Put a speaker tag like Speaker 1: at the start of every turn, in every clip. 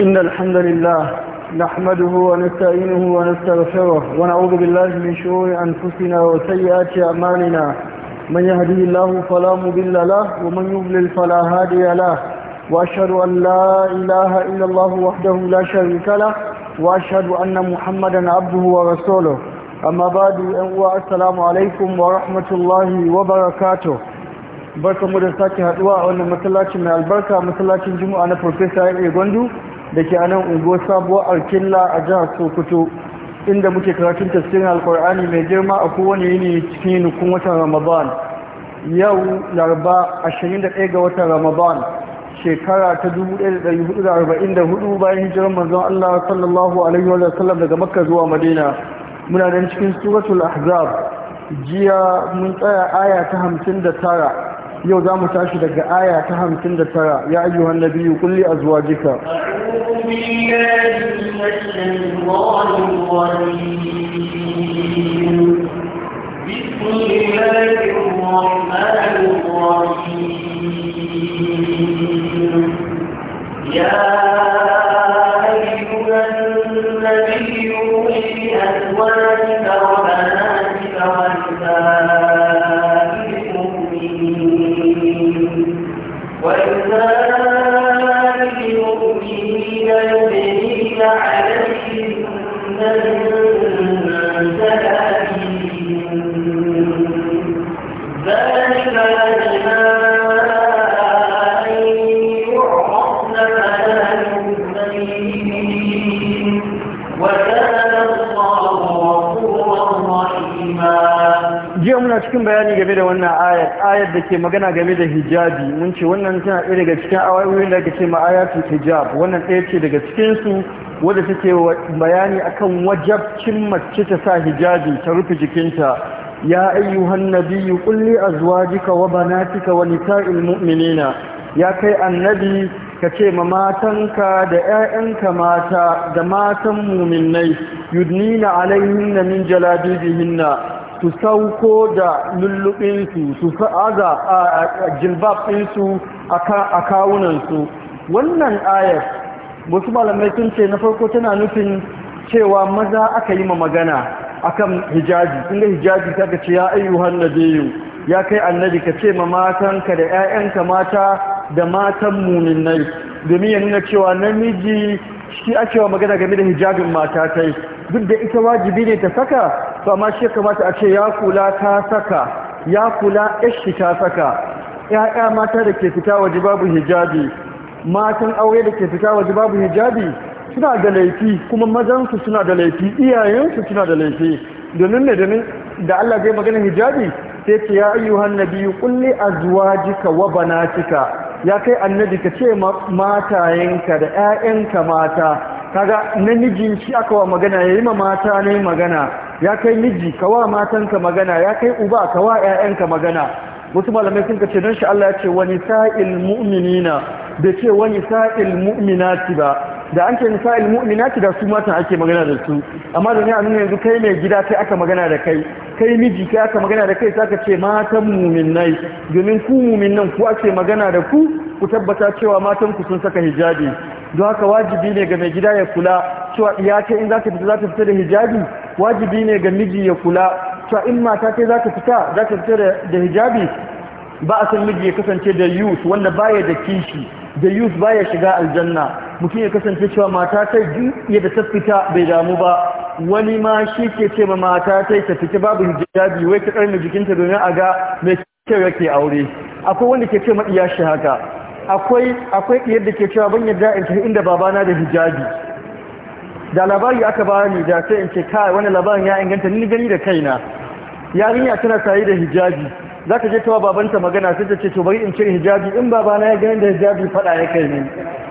Speaker 1: إن الحمد لله نحمده ونستعينه ونستغفره ونعوذ بالله من شرور أنفسنا وسيئات أعمالنا من يهدي الله فلا مضل له ومن يضلل فلا هادي له وأشهد أن لا إله إلا الله وحده لا شريك له وأشهد أن محمدا عبده ورسوله أما بعد السلام عليكم ورحمة الله وبركاته barkamu da sake haduwa a wannan masallacin mai albarka masallacin juma'a na Professor Ibn Gondo da ke anan unguwar sabuwar alkilla a jihar sokoto inda muke karatun tafsirin alkur'ani mai girma a kowane yini cikin nukun watan ramadan yau laraba 21 ga watan ramadan shekara ta 1444 bayan hijirar manzon Allah sallallahu alaihi wa sallam daga makka zuwa madina muna nan cikin suratul ahzab jiya mun tsaya aya ta 59 yau za mu tashi daga aya ta hamsin da tara ya ayyuhan nabiyu kulli azwajika
Speaker 2: بسم الله الرحمن الرحيم يا الذي
Speaker 1: cikin bayani game da wannan ayat ayat da ke magana game da hijabi mun ce wannan tana ɗaya daga cikin awayoyin da ake ce ma ayatu hijab wannan ɗaya ce daga cikin su wadda take bayani akan wajabcin mace ta sa hijabi ta rufe jikinta ya ayyuhan nabiyyu qul li azwajika wa banatika wa nisa'il mu'minina ya kai annabi ka ce ma matanka da 'ya'yanka mata da matan muminai yudnina alaihinna min hinna. su sauko da lullubinsu su aza a ɗinsu a kawunansu wannan ayar wasu malamai sun ce na farko tana nufin cewa maza aka yi ma magana akan hijaji inda hijaji ta ce ya ayyuhan biyu. ya kai annabi ka ce ma matanka da 'ya'yanka mata da matan nai domin ya nuna cewa namiji shi ake wa magana game da hijabin mata kai duk da ita wajibi ne ta saka to amma shi kamata a ce ya kula ta saka ya kula ishi ta saka ya'ya mata da ke fita waje babu hijabi matan aure da ke fita waje babu hijabi suna da laifi kuma mazansu suna da laifi iyayensu suna da laifi domin ne domin da Allah zai magana hijabi sai ce ya ayyuhan nabiyyu kulli azwajika wa banatika ya kai annabi ka ce matayenka da ƴaƴanka mata kaga namijin shi aka wa magana ya yi ma mata ne magana ya kai miji kawa wa matanka magana ya kai uba kawa wa 'ya'yanka magana wasu malamai sun ce don shi Allah ya ce wani sa'il mu'minina da ce wani sa'il mu'minati ba da an ce nisa'il mu'minati da su matan ake magana da su amma da ne a nuna yanzu kai mai gida kai aka magana da kai kai miji kai aka magana da kai ka ce matan muminai domin ku muminan ku ake magana da ku ku tabbata cewa matan ku sun saka hijabi don haka wajibi ne ga mai gida ya kula cewa iya ce in za ta fita za ta fita da hijabi wajibi ne ga miji ya kula cewa in mata za ta fita za ta fita da hijabi ba a san miji ya kasance da youth wanda baya da kishi da youth baya shiga aljanna mutum ya kasance cewa mata ta ji da ta fita bai damu ba wani ma shi ke ce ma mata ta ta fita babu hijabi wai ta karni jikinta domin a ga mai kyau yake aure akwai wanda ke ce ma iya shi haka akwai akwai yadda ke cewa ban yadda in inda babana da hijabi da labari aka bani da sai in ce kai wani labarin ya inganta ni gani da kaina yarinya tana sayi da hijabi za ka je tawa babanta magana sai ta ce to bari in cire hijabi in babana ya gani da hijabi fada ya kai ni.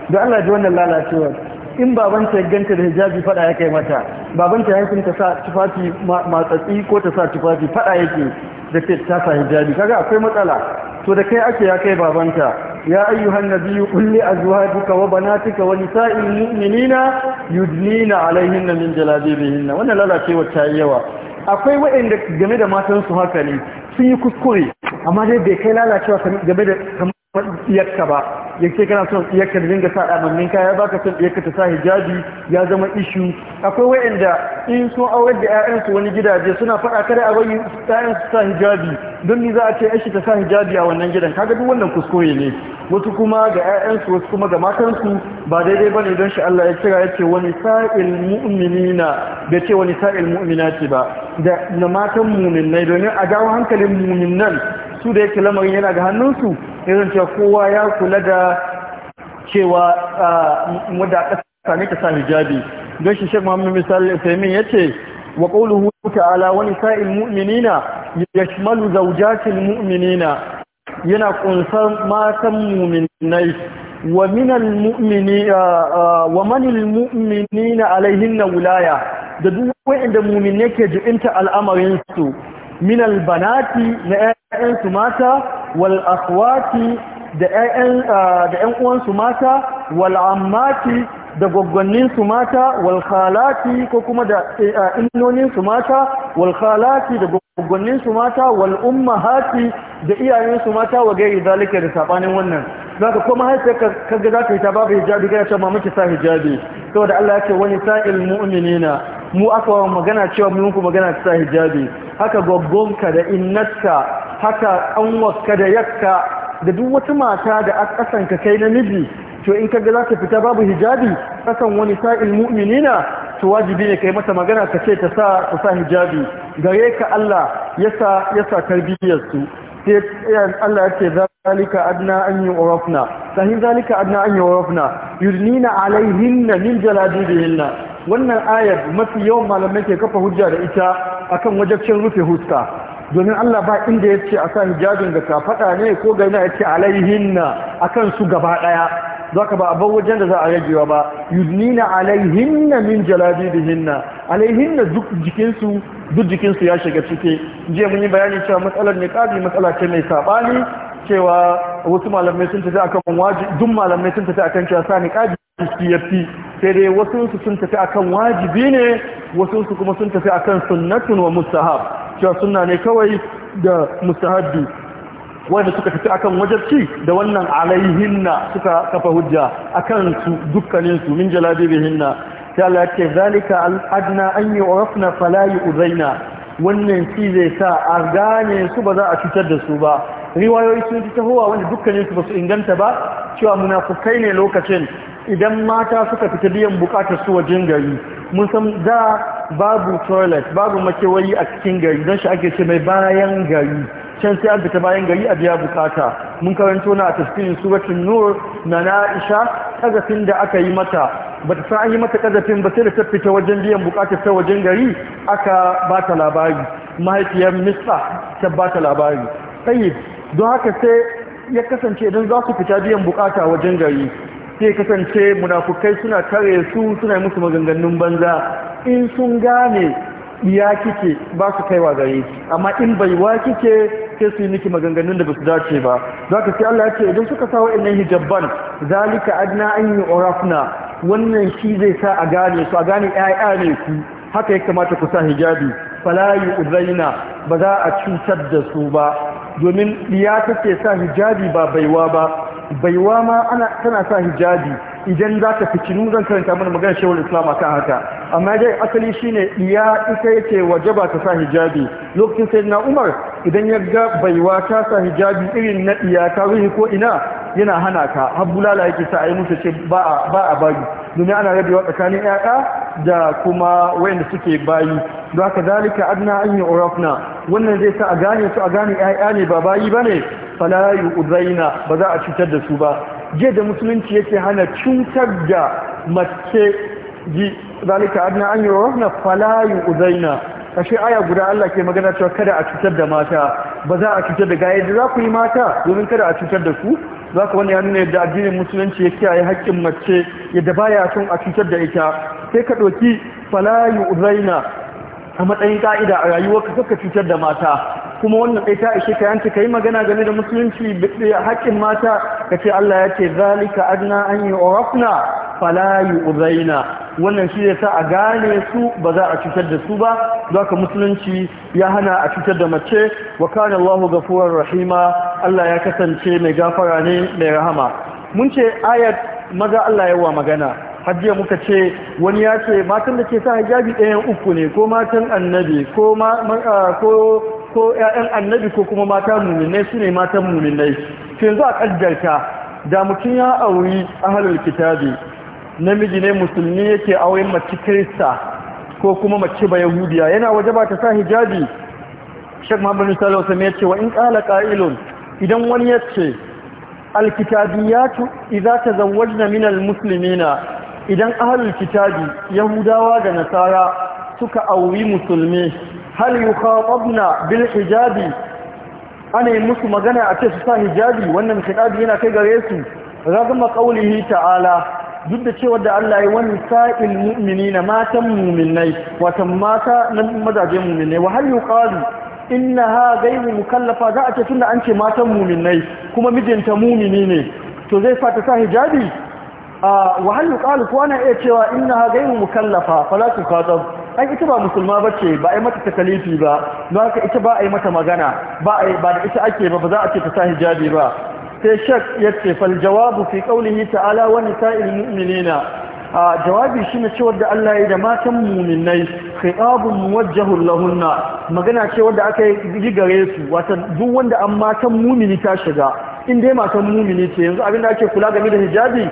Speaker 1: da Allah ji wannan lalacewa. in babanta ya ganta da hijabi fada ya kai mata babanta ya ta sa tufafi matsatsi ko ta sa tufafi fada yake da ta sa hijabi kaga akwai matsala to da kai ake ya kai babanta يا أيها النبي قل لأزواجك وبناتك ونساء المؤمنين يدنين عليهن من جلابيبهن وانا لا لا شيء وتشايوا akwai waɗanda game da matansu haka ne sun yi kuskure amma dai bai kai lalacewa game da matsiyarka ba ya ce kana son tsiyarka da dinga sa ɗamannin kaya ba ka son tsiyarka ta sa hijabi ya zama ishu akwai wa'anda in sun aurar da 'ya'yansu wani gidaje suna faɗa kada a bari 'ya'yansu sa hijabi don ni za a ce yashi ta sa hijabi a wannan gidan kaga duk wannan kuskure ne wasu kuma ga 'ya'yansu wasu kuma ga matansu ba daidai ba ne don shi Allah ya kira ya ce wani sa'il mu'minina da ce wani sa'il mu'minati ba da na matan muminai domin a dawo hankalin muminan su da yake lamarin yana ga hannunsu irin cewa kowa ya kula da cewa wadda ƙasa ne ka sa hijabi don shi shek muhammadu misali usaimin ya ce wa ƙauluhu ta'ala wani sain mu'minina ya shimalu zaujatin mu'minina yana ƙunsar matan mu'minai wa minal mu'minina alaihin na wulaya da duk wa'inda mu'min yake ju'inta al'amarinsu min albanati na ƴaƴansu mata wal akhwati da ƴaƴan da ƴan uwansu mata wal ammati da gwaggwannin su mata wal khalati ko kuma da e, innonin su mata wal khalati da gwaggwannin su mata wal ummahati da iyayen su mata wa gairi zalika da sabanin wannan zaka kuma haife ka kaga zaka yi ta babu hijabi ga ta mamaki sa hijabi saboda Allah ya ce wani sa'il mu'minina mu aka wa magana cewa mu muku magana ta sa hijabi haka gwaggonka da innatka haka anwaka da yakka da duk wata mata da a ka kai namiji to in kaga za ta fita babu hijabi ƙasan wani sa'il mu'minina to wajibi ne kai mata magana ka ce ta sa ta sa hijabi gare ka Allah ya sa tarbiyyar su sai Allah ya ce zalika adna an yu'rafna sahin zalika adna an yu'rafna yurnina alaihinna min hinna. wannan ayar mafi yawan malamai ke kafa hujja da ita akan wajabcin rufe huska domin Allah ba inda ya ce a sa hijabin ka faɗa ne ko gaina ya ce na a kan su gaba ɗaya za ka ba a bar wajen da za a ragewa ba alaihin na min jalabibihinna hinna duk jikinsu duk jikinsu ya shiga cike jiya mun yi bayani cewa matsalar kaji matsala ce mai saɓani cewa wasu malamai sun tafi akan wajibi duk malamai sun tafi akan cewa sani kaji yafi sai dai wasu su sun tafi akan wajibi ne wasu su kuma sun tafi akan sunnatun wa mustahab cewa sunna ne kawai da mustahabbi wanda suka tafi akan wajabci da wannan alaihinna suka kafa hujja akan su dukkanin su min jalabibihinna sai Allah ya ce zalika al adna an yu'rafna fala yu'zaina wannan shi zai sa a gane su ba za a cutar da su ba riwayoyi sun fi tahowa wanda dukkanin su ba su inganta ba cewa muna munafukai ne lokacin idan mata suka fita biyan bukatar su wajen gari mun san da babu toilet babu makewayi a cikin gari don shi ake ce mai bayan gari can sai an fita bayan gari a biya bukata mun karanto na a tafsirin suratin nur na na Aisha fin da aka yi mata ba ta an yi mata kazafin ba sai da ta fita wajen biyan bukatar ta wajen gari aka ba ta labari mahaifiyar mista ta ba ta labari Sai don haka sai ya kasance idan za su fita biyan bukata wajen gari sai kasance munafukai suna kare su suna musu maganganun banza in sun gane ya kike ba su kaiwa gare amma in bai wa kike sai su yi miki maganganun da ba su dace ba za ka sai Allah ya ce idan suka sa wa'annan hijabban zalika adna an yi orafna wannan shi zai sa a gane su a gane ƴaƴa ne ku haka ya kamata ku sa hijabi fala uzaina ba za a cutar da su ba domin ya take sa hijabi ba baiwa ba baiwa ma tana sa hijabi idan za ta fitinu zan karanta mana magana shawar islam a kan haka amma dai asali shine iya ita yake wajaba ta sa hijabi lokacin sai na umar idan ya ga baiwa ta sa hijabi irin na iya ta ruhi ko ina yana hana ka har bulala yake sa a yi musu ce ba a bari domin ana wa tsakanin 'ya'ya da kuma wayanda suke bayi Da haka zalika adna an yi urafna wannan zai sa a gane su a gane 'ya'ya ne ba bayi ba ne fala yi ba za a cutar da su ba je da musulunci yake hana cutar da mace ji zalika adna an yurahna falayu uzaina kashe aya guda Allah ke magana cewa kada a cutar da mata ba za a cutar da gaye da za ku yi mata domin kada a cutar da ku za ku wani ya nuna yadda addinin musulunci ya kiyaye haƙƙin mace yadda ba ya son a cutar da ita sai ka ɗauki falayu uzaina a matsayin ka'ida a rayuwar ka cutar da mata kuma wannan ita ishe ka yi magana game da musulunci haƙƙin mata Ka ce Allah ya ce zalika adna an yi orafna falayi uzaina wannan shi yasa a gane su ba za a cutar da su ba Za ka musulunci ya hana a cutar da mace wa kana Allahu rahima Allah ya kasance mai gafara ne mai rahama mun ce ayat maza Allah yawa magana hajjiya muka ce wani ya ce matan da ke sa hijabi ɗayan uku ne ko matan annabi ko ko yayan annabi ko kuma mata muminai su ne matan muminai ke yanzu a kaddarta da mutum ya auri a halar kitabi namiji ne musulmi yake auren mace kirista ko kuma mace ba yahudiya yana waje ba ta sa hijabi shek muhammad bin sallallahu alaihi wasallam yace wa in ƙala ƙa’ilun idan wani ya ce alkitabi yace alkitabiyatu idza tazawwajna min musulmina idan ahlul kitabi yahudawa da nasara suka auri musulmi hal yukhatabna bil hijabi ana musu magana a ce su sa hijabi wannan kitabi yana kai gare su ragma qawlihi ta'ala duk da cewa da Allah ya wani sa'il na matan mu'minai wata mata na mazajen mu'minai wa hal yuqalu innaha ghayru mukallafa za a ce tunda an ce matan mu'minai kuma mijinta mu'mini ne to zai fata sa hijabi wa hal yuqalu ko ana iya cewa innaha ghayru mukallafa fala tuqatab ai ita ba musulma bace ba ai mata takalifi ba don haka ita ba a yi mata magana ba ba da ita ake ba ba za a ce ta sa hijabi ba sai shak yace fal jawabu fi qawlihi ta'ala wa nisa'il mu'minina a jawabi shine cewa da Allah ya da matan mu'minai khitabun muwajjahu lahunna magana ce wanda aka yi gare su wato duk wanda an matan mu'mini ta shiga in dai matan mu'mini ce yanzu abinda ake kula game da hijabi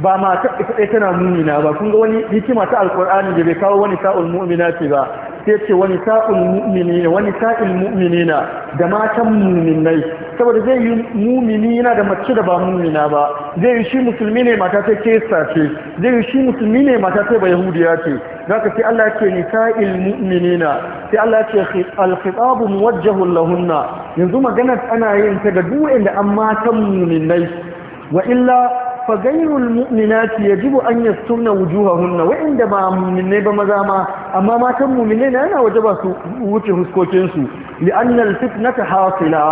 Speaker 1: ba matar ita ɗaya tana mumina ba kun ga wani hikima ta alkur'ani da bai kawo wani sa'ul mu'mina ce ba sai ce wani sa'ul mu'minina wani sa'il mu'minina da matan muminai saboda zai yi mumini yana da mace da ba mumina ba zai yi shi musulmi ne mata ta kesa ce zai yi shi musulmi ne mata ta ba yahudiya ce zaka sai Allah yake ni sa'il mu'minina sai Allah ce al-khitabu muwajjahu lahunna yanzu maganar ana yin ta ga duk wanda an matan muminai wa illa فغير المؤمنات يجب أن يسترن وجوههن وعندما من ba maza ma amma matan mu'mine na yana wajaba su wuce huskokin su li'anna alfitnata hasila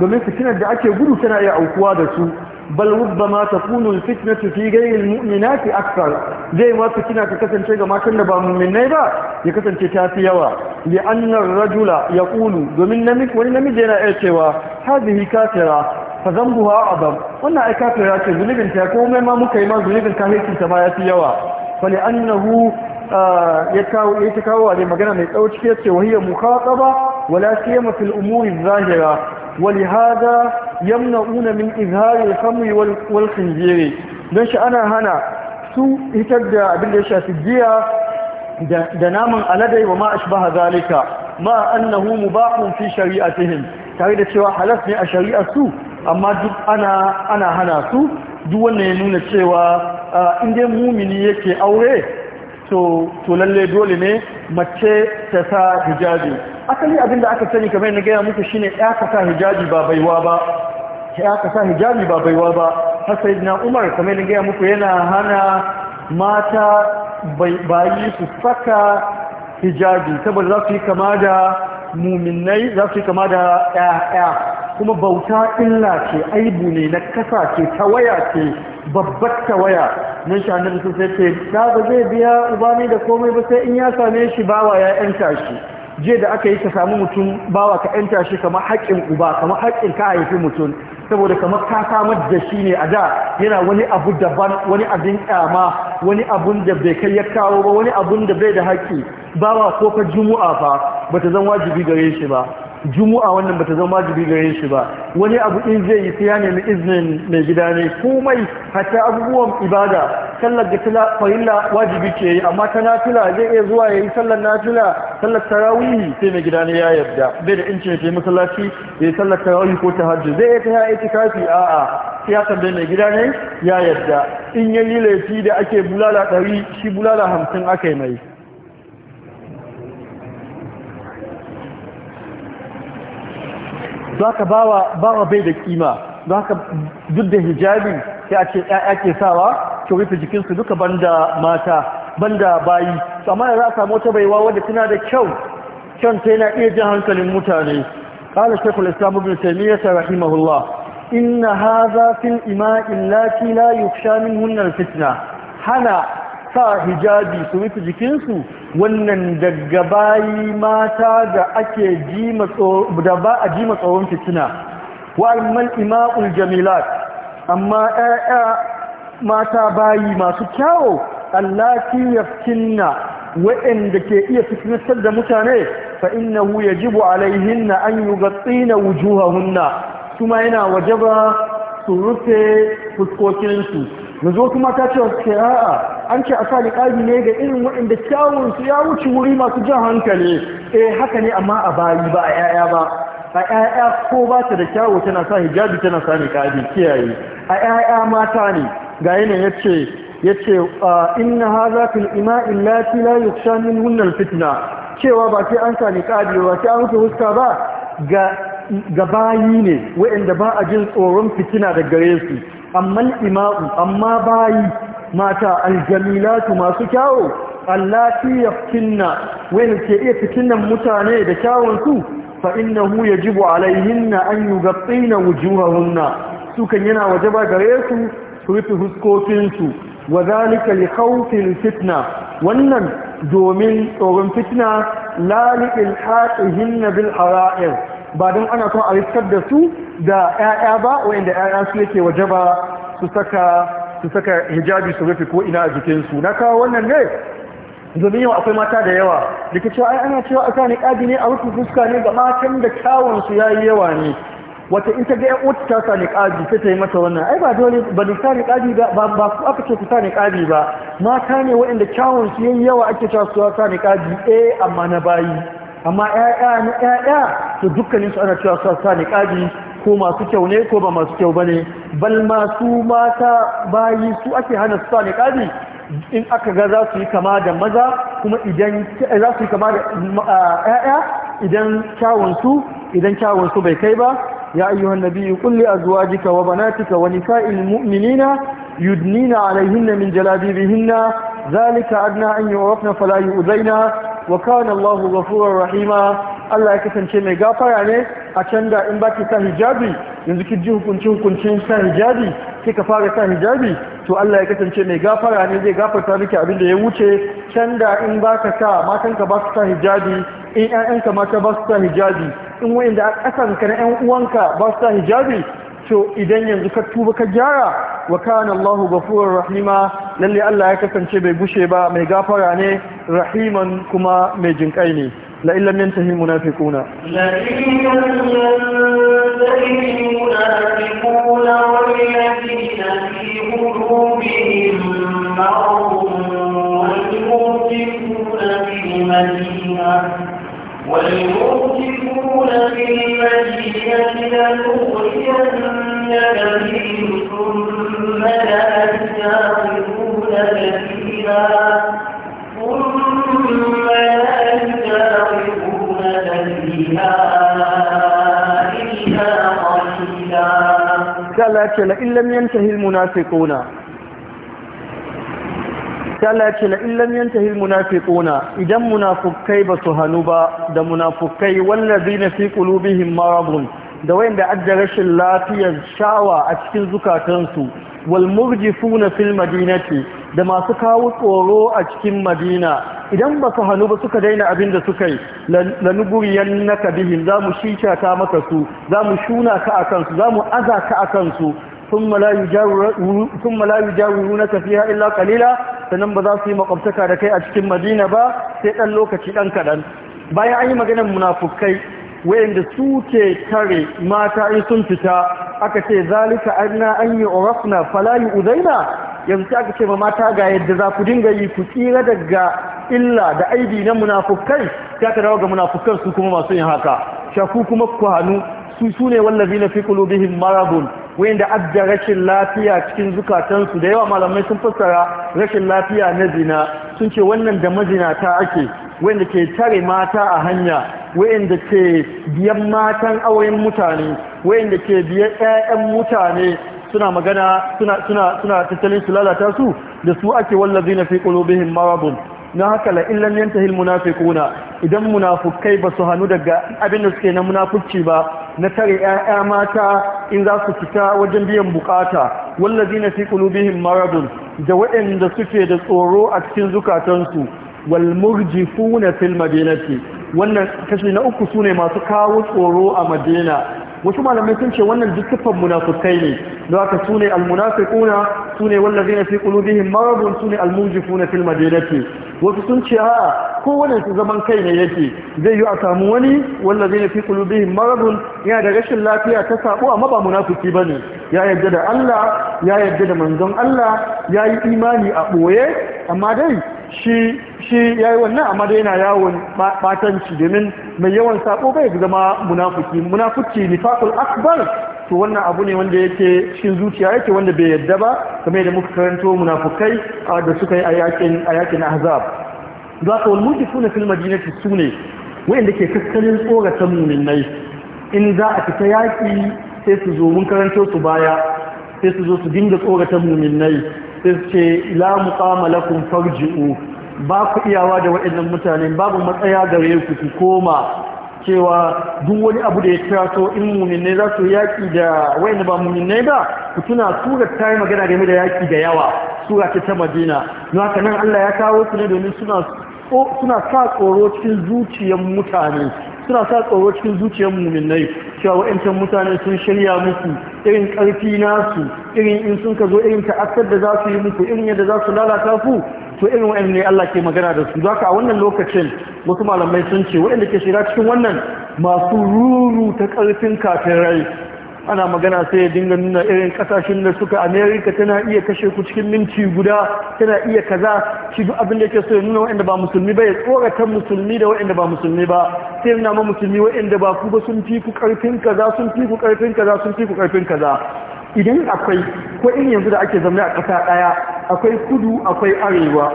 Speaker 1: domin fitnar da ake gudu tana iya aukuwa da su bal rubbama takunu alfitnatu fi ghayri almu'minati akthar zai ma fitna ta kasance ga matan da ba mu'mine ba ya kasance ta fi yawa li'anna ar-rajula yaqulu domin namiji wani namiji yana iya cewa hadhihi kafira fa zambuha adam wannan ai ya ce zulubin ta komai ma muka yi ma zulubin kafircin ta ma yafi yawa fa li annahu ah, ya kawo ya ta kawo ne magana mai tsauci yace wahiya mukhataba wala siyama fil umuri zahira wa li hada yamna'una min izhari al-khamri wal khinjiri dan shi ana hana su hitar da abin da ya shafi giya da naman aladai wa ma ashbaha zalika ma annahu mubahun fi shari'atihim tare da cewa halas ne a shari'ar su amma duk ana ana hana su duk wannan ya nuna cewa inda mumini yake aure to to lalle dole ne mace ta sa hijabi asali abinda aka sani kamar na gaya muku shine ya ka sa hijabi ba baiwa ba ya ka sa hijabi ba baiwa ba har sai na Umar kamar na gaya muku yana hana mata bayi su saka hijabi saboda za su yi kama da muminai za su kama da ƴaƴa kuma bauta illa ce aibu ne na kasa ce tawaya ce babbar tawaya nan shi annabi sun sai ce da ba zai biya uba da komai ba sai in ya same shi bawa ya yanta shi je da aka yi ka samu mutum bawa ka yanta shi kamar haƙƙin uba kamar haƙƙin ka haifi mutum saboda kamar ka samar da shi ne a da yana wani abu daban wani abin kyama wani abun da bai kai ya kawo ba wani abun da bai da haƙƙi ba ba ko ka jumu'a ba, bata zan wajibi gare shi ba juma'a wannan bata zama wajibi gare shi ba wani abu in zai yi sai ya nemi iznin mai gida ne komai hatta abubuwan ibada sallar da tila farilla wajibi ke yi amma ta nafila zai iya zuwa ya yi sallar nafila sallar tarawih sai mai gida ya yarda bai da incin ya masallaci ya yi sallar tarawih ko ta hajji zai iya ta ya itikafi a'a siyasar da mai gida ya yarda in yayi laifi da ake bulala ɗari shi bulala hamsin aka mai don haka bawa bai da kima za ka duk da hijabi sai a ce 'ya'ya ke sawa ki rufe jikinsu duka banda mata banda bayi amma da za a samu wata baiwa wadda tana da kyau kyan ta yana iya jan hankalin mutane قال شيخ الإسلام ابن تيمية رحمه الله إن هذا في الإماء اللاتي لا يخشى منهن fitna, hana sa hijabi su rufe jikinsu wannan daga bayi mata da ake ba a jima tsoron fitina wa ima'ul jamilat amma ƴaƴa mata bayi masu kyawo allati yaftinna wa'anda ke iya fitnatar da mutane fa jibu alaihin alaihinna an yughtina wujuhahunna kuma yana wajaba su rufe fuskokinsu zo kuma ta ce suke a'a an ce a sa ne ga irin waɗanda kyawunsu ya wuce wuri masu jan hankali eh haka ne amma a bari ba a 'ya'ya ba a 'ya'ya ko ba ta da kyawu tana sa hijabi tana sa niƙabi kiyaye a 'ya'ya mata ne ga yanayin ya ce ya ce inna haza fil ima'in lati la yuksha min hunnal fitna cewa ba sai an sa niƙabi ba sai an rufe huska ba ga ga ne waɗanda ba a jin tsoron fitina da gare su amma ima'u amma bayi mata aljamilatu masu kyawo allati yaftinna wani ke iya fitinan mutane da kyawun su fa innahu yajibu alaihinna an yughtina wujuhahunna sukan yana wajaba gare su su rufe huskokin su wa zalika li fitna wannan domin tsoron fitna la li ilhaqihinna bil hara'ir ba don ana son a da su da 'ya'ya ba wa'inda 'ya'ya su yake waje ba su saka hijabi su rufe ko ina a jikinsu na kawo wannan ne domin yau akwai mata da yawa da ke cewa ana cewa a kane ƙadi ne a rufe fuska ne ga matan da kyawunsu ya yi yawa ne wata in ta ga yan uwarta ta sani kadi sai ta yi mata wannan ai ba dole ba ni sani ba ba ku aka ce ku sani ba mata ne waɗanda kyawun su yayi yawa ake cewa su sani kadi eh amma na bayi amma ƴaƴa na ƴaƴa to dukkanin su ana cewa su sa ƙaji ko masu kyau ne ko ba masu kyau bane bal ma su mata bayi su ake hana su sa ƙaji in aka ga za su yi kama da maza kuma idan eh, za su yi kama da ƴaƴa idan kyawunsu idan kyawunsu bai kai ba ya ayyuhan nabiyyu qul li azwajika wa banatika wa nisa'il mu'minina yudnina alayhinna min jalabibihinna zalika adna an yu'rafna fala yu'zaina wa kana Allahu ghafurur rahima Allah ya kasance mai gafara ne a can in baki sa hijabi yanzu ki ji hukuncin hukuncin sa hijabi kika fara sa hijabi to Allah ya kasance mai gafara ne zai gafarta miki abin da ya wuce can in baka sa matanka ba su sa hijabi in ƴaƴanka mata ba su sa hijabi in wayanda a ƙasanka na ƴan uwanka ba su sa hijabi to idan yanzu ka tuba ka gyara wa kana Allahu ghafurur rahima lalle Allah ya kasance bai gushe ba mai gafara ne rahiman kuma mai jinkai ne la illa min tahi munafiquna
Speaker 2: la illa munafiquna wal ladina fi qulubihim marad wal mu'minuna bil madinah والمرجفون بالمدينة لنغرينك بهم ثم لا ثم لا يستعرضونك فيها
Speaker 1: إلا قليلا كلا كلا إن لم ينتهي المنافقون sai Allah ya ce la illam yantahi almunafiquna idan munafukai ba su hanu ba da munafukai wallazina fi qulubihim maradun da wayanda adda rashin lafiyar shawa a cikin zukatansu wal murjifuna fil madinati da masu kawo tsoro a cikin madina idan ba su hannu ba suka daina abin da suka yi lanuguriyan na kabihin za mu shicata maka su za mu shuna ka a kansu za mu aza ka a kansu ثم لا يجاور ثم لا يجاورونك فيها الا sannan ba za su yi makwabtaka da kai a cikin Madina ba sai ɗan lokaci ɗan kaɗan bayan an yi maganar munafukai wayanda su ke tare mata in sun fita aka ce zalika anna an orafna falayi uzaina yanzu aka ce ma mata ga yadda za ku dinga yi ku tsira daga illa da aibi na munafukai ta ka dawo ga munafukan su kuma masu yin haka shaku kuma ku hannu su sune wallazi na fi kulubihin maradun wanda adda rashin lafiya cikin zukatansu da yawa malamai sun fassara rashin lafiya na zina sun ce wannan da mazinata ake wanda ke tare mata a hanya wanda ke biyan matan auren mutane wanda ke biyan ƴaƴan mutane suna magana suna suna suna tattalin su lalata su da su ake na fi qulubihim marabun na haka la illam yantahi almunafiquna idan munafukai ba su hanu daga abin da suke na munafurci ba na tare 'ya'ya mata in za su fita wajen biyan bukata na fi qulubihim maradun da waɗanda suke da tsoro a cikin zukatansu wal murjifuna fil madinati wannan kashi na uku sune masu kawo tsoro a madina wasu malamai sun ce wannan duk sifan munafukai ne da aka sune ne almunafiquna su ne wallazina fi qulubihim maradun su almunjifuna fil madinati wasu sun ce a kowane su zaman kai ne yake zai yi a samu wani wallazina fi qulubihim maradun yana da rashin lafiya ta sabuwa amma ba munafiki bane ya yarda da Allah ya yarda da manzon Allah ya yi imani a boye amma dai shi ya yi wannan amma dai yana yawon batanci domin mai yawan sako bai zama munafuki ne fakul akbar to wannan abu ne wanda yake cikin zuciya yake wanda bai yadda ba kamar da muka karanto munafukai da suka yi a yakin a yakin ahzab za ka wal mujifuna fil madinati sune ke kaskanin tsoratan muminai in za a fita yaki sai su zo mun karanto su baya sai su zo su dinga tsoratan muminai sai ce la muqama lakum farji'u ba ku iyawa da waɗannan mutane babu matsaya gare ku ku koma cewa duk wani abu da ya taso in muminai za su yaƙi da wayanda ba muminai ba ku tuna sura ta yi magana game da yaki da yawa sura ta madina don haka nan Allah ya kawo su ne domin suna sa tsoro cikin zuciyar mutane suna sa tsoro cikin zuciyar muminai cewa wa'ancan mutane sun shirya musu irin ƙarfi nasu irin in sun ka zo irin ta'assar da za su yi muku irin yadda za su lalata ku to irin wa'annan ne Allah ke magana da su zaka a wannan lokacin wasu malamai sun ce wa'anda ke shiga cikin wannan masu ruru ta ƙarfin rai ana magana sai ya dinga nuna irin kasashen da suka amerika tana iya kashe ku cikin minti guda tana iya kaza shi duk abin da ke so ya nuna wa'anda ba musulmi ba ya tsorata musulmi da wa'anda ba musulmi ba sai nuna ma musulmi wa'anda ba ku ba sun fi ku karfin kaza sun fi ku karfin kaza sun fi ku karfin kaza idan akwai ko in yanzu da ake zaune a ƙasa ɗaya akwai kudu akwai arewa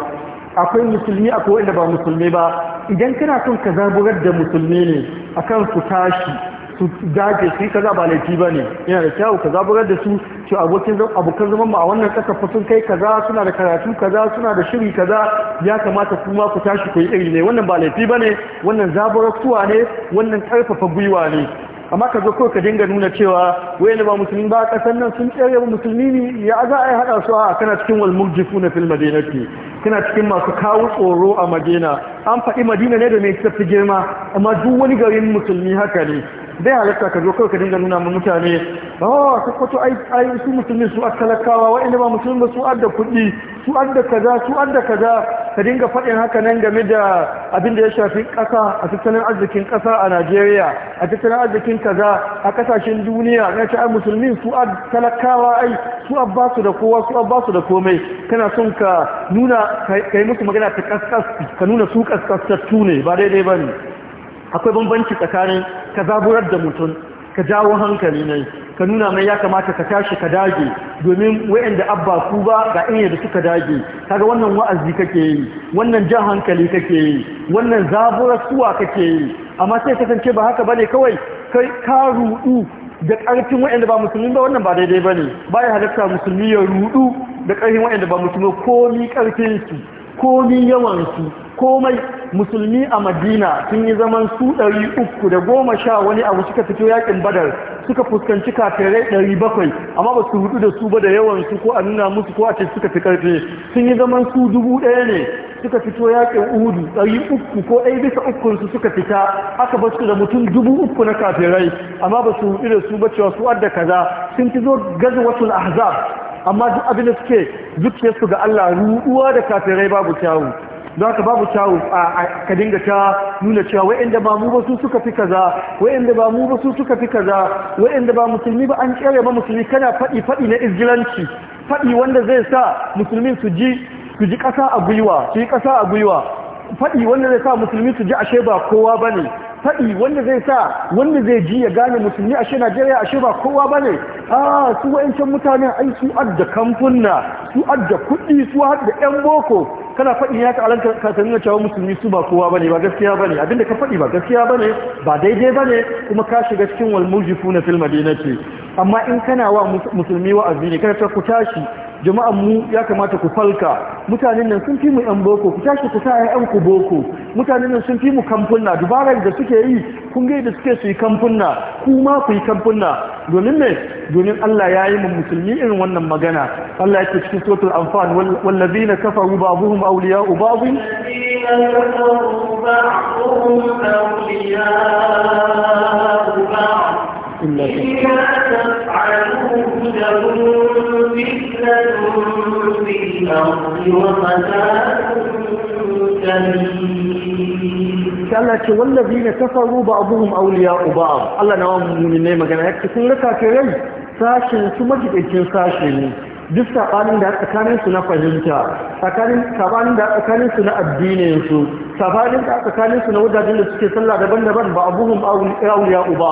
Speaker 1: akwai musulmi akwai wa'anda ba musulmi ba idan kana son ka zaburar da musulmi ne akan su tashi su dage su kaza ba laifi ba ne yana da kyawu ka zaburar da su ce abokin abokan zaman mu a wannan ƙasar sun kai kaza suna da karatu kaza suna da shiri kaza ya kamata kuma ku tashi ku yi iri ne wannan ba laifi ba ne wannan zaburar suwa ne wannan ƙarfafa gwiwa ne amma ka zo kawai ka dinga nuna cewa ne ba musulmi ba ƙasar nan sun tsere musulmi ne ya za a yi haɗa su a kana cikin wal suna fil madinati kana cikin masu kawo tsoro a madina an faɗi madina ne da mai tafi girma amma duk wani garin musulmi haka ne bai halatta ka zo kawai ka dinga nuna mun mutane oh su kwato ai su musulmi su adda talakawa inda ba musulmi ba su adda kuɗi su adda kaza su adda kaza ka dinga faɗin haka nan game da abin da ya shafi ƙasa a tattalin arzikin ƙasa a Najeriya a tattalin arzikin kaza a ƙasashen duniya na ce ai musulmi su adda talakawa ai su abba su da kowa su abba su da komai kana son ka nuna ka yi musu magana ta ƙasƙas ka nuna su ta ne ba daidai ba ne akwai bambanci tsakanin ka zaburar da mutum ka jawo hankali ne ka nuna mai ya kamata ka tashi ka dage domin da abba ku ba ga inye da suka dage kaga wannan wa'azi kake yi wannan jan hankali kake yi wannan zaburar suwa kake yi amma sai kasance ba haka bane kawai kai ka rudu da ƙarfin da ba musulmi ba wannan ba daidai bane baya halatta musulmi ya rudu da ƙarfin da ba musulmi ko ni karfin su komi yawansu komai musulmi a madina sun yi zaman su ɗari da goma sha wani abu suka fito yakin badar suka fuskanci kafirai 700 bakwai amma ba su hudu da su ba da yawansu ko a nuna musu ko a ce suka fi karfe sun yi zaman su dubu ɗaya ne suka fito yakin uhudu ɗari uku ko ai bisa su suka fita aka ba su da mutum dubu uku na kafirai amma ba su hudu da su ba cewa su adda kaza sun zo fito gazawatul ahzab amma duk abin da suke su ga Allah ruɗuwa da kafirai babu kyawu don haka babu kyawu a ka dinga ta nuna cewa wa'inda ba mu ba su suka fi kaza wa'inda ba mu ba su suka fi kaza wa'inda ba musulmi ba an kere ba musulmi kana faɗi faɗi na izgilanci faɗi wanda zai sa musulmin su ji su ji ƙasa a gwiwa su yi ƙasa a gwiwa faɗi wanda zai sa musulmi su ji ashe ba kowa ba ne faɗi wanda zai sa wanda zai ji ya gane musulmi ashe Najeriya ashe ba kowa ba ne a su wa'ancan mutane ai su adda kamfuna su adda kuɗi su adda yan boko kana faɗi ya ka alanka kasanin cewa musulmi su ba kowa ba ne ba gaskiya ba ne abinda ka faɗi ba gaskiya ba ne ba daidai ba ne kuma ka shiga cikin walmujifu na na ce amma in kana wa musulmi wa'azi ne kana ta ku tashi jama'an mu ya kamata ku falka mutanen nan sun fi mu yan boko ku tashi ku sa yan ku boko mutanen nan sun fi mu kamfuna dubarar da suke yi kun ga da suke su yi kuma ku yi kamfuna domin me domin Allah ya yi mu musulmi irin wannan magana Allah yake cikin suratul anfal wal ladina kafaru ba'dhum awliya'u ba'd
Speaker 2: إلا تفعلوا الأرض Allah ce wallazi na
Speaker 1: kafaru ba abuhum auliya uba Allah na wani muni ne magana ya cikin raka rai sashen su majidaikin sashe ne duk sabanin da tsakanin su na fahimta sabanin da tsakanin su na addinin su sabanin da tsakanin su na wajajen da suke sallah daban-daban ba abuhum auliya uba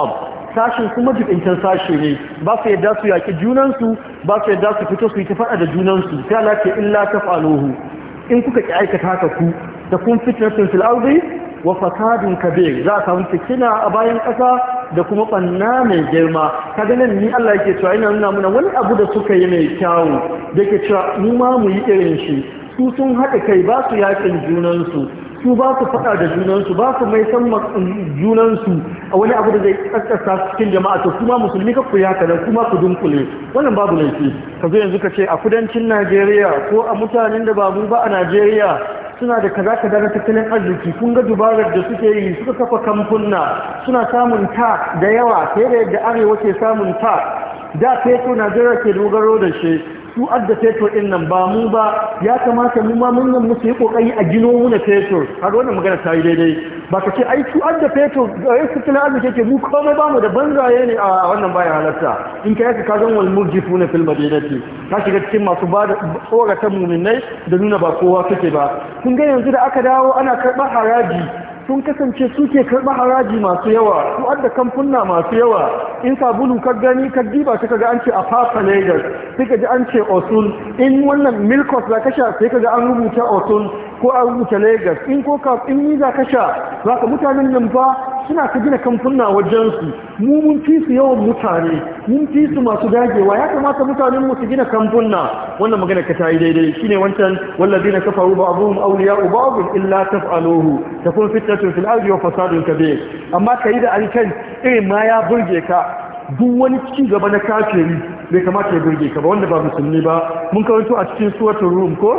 Speaker 1: sashin su majibintan sashi ne ba su yadda su yaki junansu ba su yadda su fito su yi ta faɗa da junansu sai Allah illa ta falohu in kuka ki aikata haka ku da kun fitnatun fil ardi wa fasadin kabir za a samu kina a bayan ƙasa da kuma ɓanna mai girma kaga nan ni Allah yake cewa ina nuna muna wani abu da suka yi mai kyawu da yake cewa mu ma mu yi irin shi su sun haɗa kai ba su yakin junansu su ba su faɗa da junansu ba su mai san mm, junansu a wani abu da zai kaskasa cikin jama'a to kuma musulmi ka kuya ka kuma ku dunkule wannan babu laifi ka zo yanzu ka ce a kudancin Najeriya ko a mutanen da ba mu ba a Najeriya suna da kaza kaza na tattalin arziki kun ga dubarar da suke yi suka kafa kamfunna suna samun ta da yawa sai da yadda arewa ke samun ta da fetur najeriya ke dogaro da shi su adda fetur din nan ba mu ba ya kamata mu ma mun nan mu yi kokari a gino mu na fetur har wannan magana ta yi daidai ba ka ce ai su adda fetur ai su tana arziki ke mu komai ba mu da banzaye ne a wannan bayan halarta. in ka yaka ka zan wal murjifu na fil madinati ka shiga cikin masu ba da tsoratan muminai da nuna ba kowa kake ba kun ga yanzu da aka dawo ana karɓar haraji sun kasance suke karɓar haraji masu yawa su adda kamfuna masu yawa in sabulu ka gani ka diba suka ga an ce a fasa lagos sai ka ji an ce osun in wannan milkos za ka sha sai ka an rubuta osun ko an rubuta lagos in ko in ni za ka za ka mutanen nan ba suna ta gina kamfuna wajensu mu mun fi su yawan mutane mun fi su masu dagewa ya kamata mutanen mu su gina kamfuna wannan magana ka tayi daidai shine wancan wallazi na kafaru ba'dhum awliya'u ba'd illa taf'aluhu takun fitnatun fil ardi wa fasadun kabir amma kai da alkan irin ma ya burge ka duk wani ci gaba na kafiri bai kamata ya burge ka ba wanda ba musulmi ba mun karanto a cikin suratul rum ko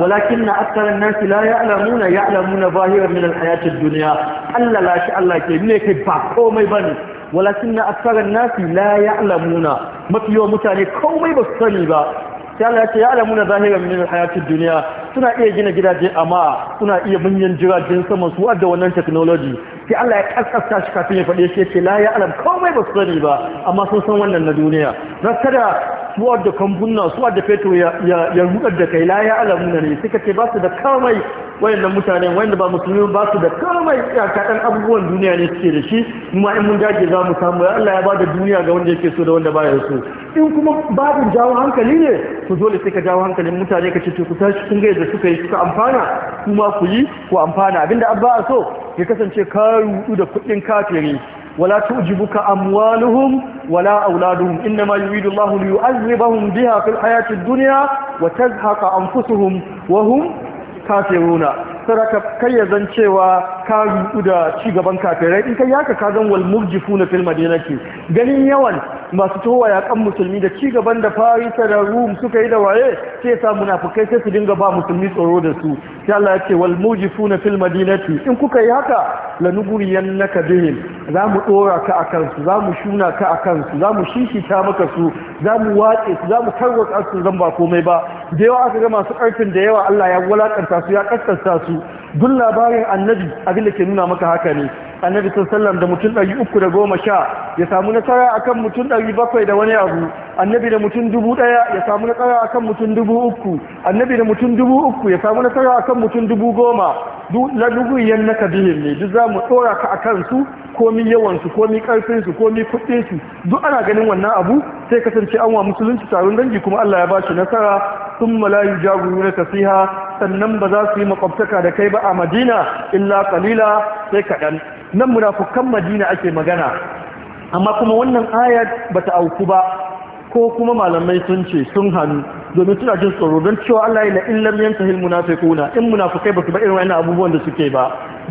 Speaker 1: walakin na aksarar nan la ya'lamuna ya'lamuna zahiran min al-hayati ad-dunya Allah la shi Allah ke ne kai ba komai bane walakin na aksarar nan la ya'lamuna mafi yawan mutane komai ba su sani ba sai Allah ya suna iya gina gidaje amma suna iya manyan jiragen sama su wadda wannan technology sai Allah ya kaskasta shi kafin ya faɗe shi yace la ya alam komai ba su sani ba amma sun san wannan na duniya na kada su da kambunna su da fetur ya rudar da kai la ya alam ne suka ce ba su da komai wayannan mutane wayanda ba musulmi ba su da komai ya kaɗan abubuwan duniya ne suke da shi kuma in mun dage za mu samu ya Allah ya ba da duniya ga wanda yake so da wanda baya so in kuma babin jawo hankali ne to dole sai ka jawo hankalin mutane ka ce ku tashi kun ga da suka yi suka amfana kuma ku yi ku amfana abinda abba a so ya kasance ka rudu da kuɗin kafiri wala tujibuka amwaluhum wala auladuhum innama yuridu Allahu liyu'azzibahum biha fil hayati dunya wa tazhaqa anfusuhum wa hum kafiruna saraka kayyazan cewa ka rutu da ci gaban kafirai in kai yaka ka zan wal na fil madinati ganin yawan masu towa kan musulmi da ci gaban da farisa da rum suka yi da waye sai sa munafikai sai su dinga ba musulmi tsoro da su sai Allah ya ce wal na fil madinati in kuka yi haka naka bihim za mu dora ka akan su za mu shuna ka akan su za mu shishita maka su za mu watse su za mu tarwatsa su zan ba komai ba da yawa aka ga masu karfin da yawa Allah ya wulakanta su ya kaskasta su duk labarin annabi a abin da ke nuna maka haka ne annabi sallallahu da mutum ɗari uku da goma sha ya samu nasara akan mutum ɗari bakwai da wani abu annabi da mutum dubu ɗaya ya samu nasara akan mutum dubu uku annabi da mutum dubu uku ya samu nasara akan mutum dubu goma duk laluguyen naka kabihin ne duk za mu ɗora ka akan su komi yawansu komi karfinsu komi kuɗinsu duk ana ganin wannan abu sai kasance an wa musulunci taron dangi kuma Allah ya ba shi nasara sun malayu jagoru na kasiha sannan ba za su yi makwabtaka da kai ba a madina illa kalila sai kaɗan nan munafukan madina ake magana amma kuma wannan ayat bata auku ba ko kuma malamai sun ce sun hannu domin suna jin tsoro don cewa Allah ya in lam yantahi al munafiquna in munafukai ba su ba irin wannan abubuwan da suke ba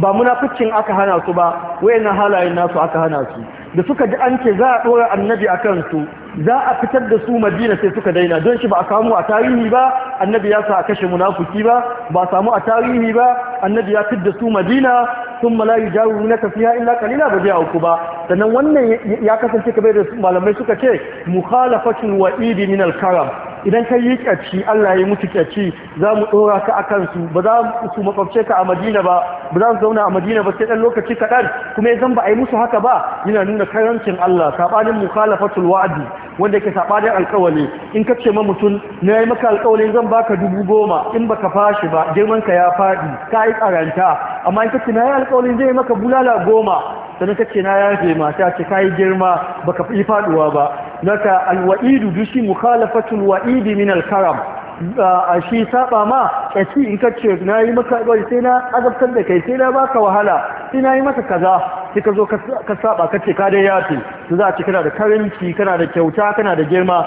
Speaker 1: ba munafukin aka hana su ba wayannan halayen nasu aka hana su da suka ji an ce za a dora annabi akan su za a fitar da su madina sai suka daina don shi ba a samu a tarihi ba annabi ya sa a kashe munafuki ba ba a samu a tarihi ba annabi ya fitar da su madina sun malayi jaru na tafiya illa kalila ba zai auku ba sannan wannan ya kasance kamar da malamai suka ce mukhalafatul wa'idi min al-karam idan ka yi kyaci Allah ya mutu kyaci za mu ɗora ka a kansu ba za su makwabce ka a madina ba ba za su zauna a madina ba sai ɗan lokaci kaɗan kuma ya zan ba a yi musu haka ba yana nuna karancin Allah saɓanin mukhalafatul wa'adi wanda yake da alkawali in ka ce ma mutum na yi maka alkawali zan baka dubu goma in baka fashi ba girman ka ya faɗi ka yi karanta amma in ka ce na yi alkawali zai maka bulala goma sannan ka ce na ya fi ta ce ka yi girma baka yi faɗuwa ba naka alwa'idu dushi mukhalafatul wa'idi min alkaram a shi saba ma ci in ka ce na yi maka ɗauki sai na azabtar da kai sai na baka wahala sai na yi maka kaza sai ka zo ka saba ka ce ka dai yafi su za a ci kana da karimci kana da kyauta kana da girma